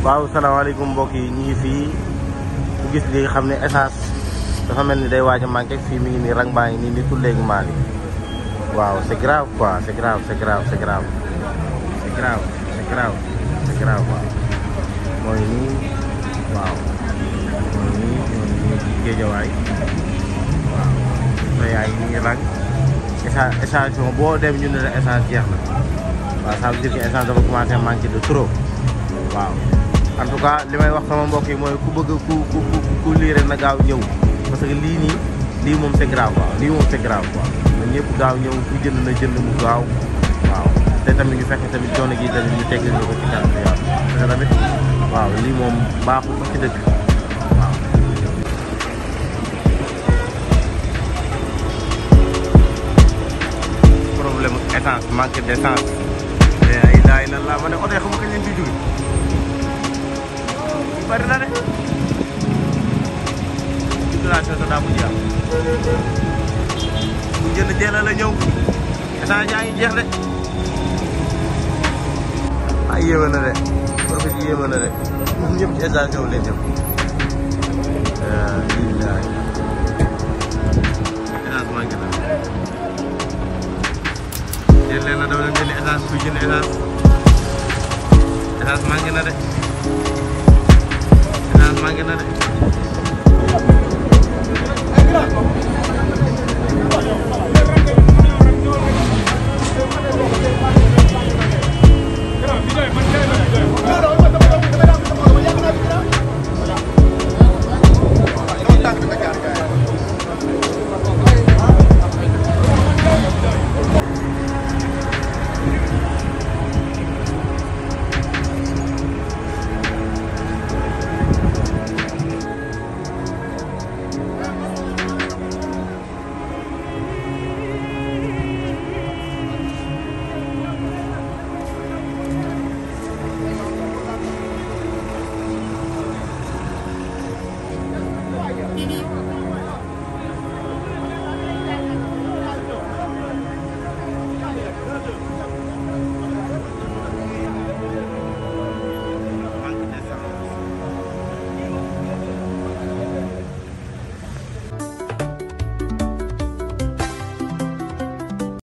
waaw salaamaaleykum mbokk yi ñu ngi fii ku gis li xam ne essence dafa mel ni day waaj a manqué fii mi ngi nii rang baa ngi nii ni tout léegi maa waaw c'est grave quoi c'est grave c'est grave c'est grave c'est grave mooy nii waaw mooy nii mooy nii ci géejawaay waaw so yaa nii rang essence essence boo dem ñu ne la jeex na waaw ça veut dire que essence dafa commencé manqué de trop waaw en tout cas li may wax sama mbokk yi mooy ku bëgg ku ku ku liire na gaaw ñëw parce que lii nii lii moom c'est grave waaw lii moom c'est grave ñëw ku jënd na jënd mu gaaw waaw te tamit ñu fexe tamit coono gi tamit ñu tegg ñu ko ci kanam waaw tamit waaw lii moom baaxul sax ci dëkk waaw problème essence manque d'essence mais ay laa ma ne oto வருதானே situation tao đang bây giờ dân là chơi lên lên nhung cái này nhai chết đấy ai yêu bên này đấy tôi phải yêu bên này đấy nhấp chết ra rồi lên nhung đi lại cái nào tôi cái nào chơi lên là đâu lên chơi lên ra suy chơi lên ra ra mang cái này đấy 干啥呢？